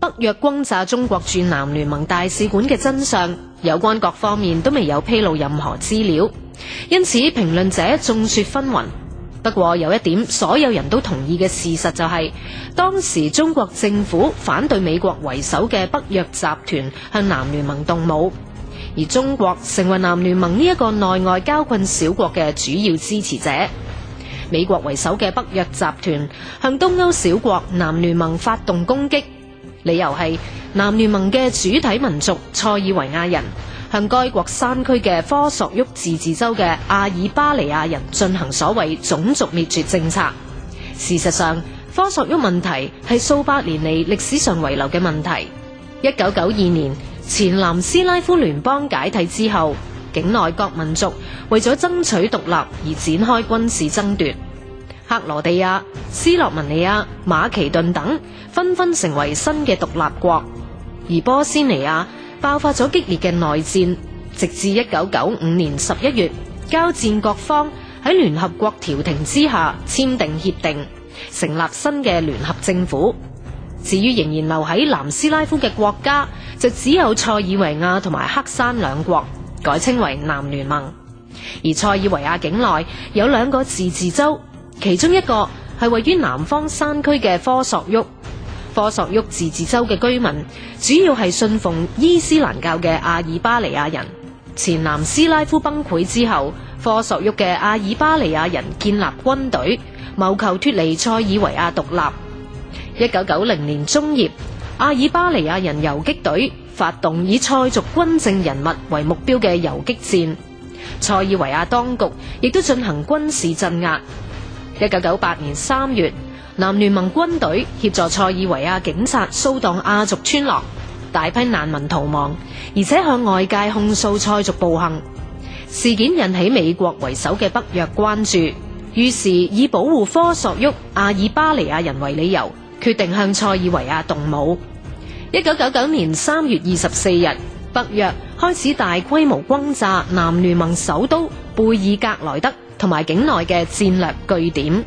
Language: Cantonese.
北約轟炸中國駐南聯盟大使館嘅真相，有關各方面都未有披露任何資料，因此評論者眾說紛紜。不過有一點，所有人都同意嘅事實就係、是，當時中國政府反對美國為首嘅北約集團向南聯盟動武，而中國成為南聯盟呢一個內外交困小國嘅主要支持者。美國為首嘅北約集團向東歐小國南聯盟發動攻擊。理由係南聯盟嘅主體民族塞爾維亞人向該國山區嘅科索沃自治州嘅阿爾巴尼亞人進行所謂種族滅絕政策。事實上，科索沃問題係數百年嚟歷史上遺留嘅問題。一九九二年前南斯拉夫聯邦解體之後，境內各民族為咗爭取獨立而展開軍事爭奪。克羅地亞、斯洛文尼亞、馬其頓等紛紛成為新嘅獨立國，而波斯尼亞爆發咗激烈嘅內戰，直至一九九五年十一月，交戰各方喺聯合國調停之下簽訂協定，成立新嘅聯合政府。至於仍然留喺南斯拉夫嘅國家，就只有塞爾維亞同埋黑山兩國，改稱為南聯盟，而塞爾維亞境內有兩個自治州。其中一個係位於南方山區嘅科索沃。科索沃自治州嘅居民主要係信奉伊斯蘭教嘅阿爾巴尼亞人。前南斯拉夫崩潰之後，科索沃嘅阿爾巴尼亞人建立軍隊，謀求脫離塞爾維亞獨立。一九九零年中葉，阿爾巴尼亞人遊擊隊發動以塞族軍政人物為目標嘅遊擊戰，塞爾維亞當局亦都進行軍事鎮壓。一九九八年三月，南聯盟軍隊協助塞爾維亞警察掃蕩亞族村落，大批難民逃亡，而且向外界控訴塞族暴行。事件引起美國為首嘅北約關注，於是以保護科索沃阿爾巴尼亞人為理由，決定向塞爾維亞動武。一九九九年三月二十四日，北約開始大規模轟炸南聯盟首都貝爾格萊德。同埋境內嘅戰略據點。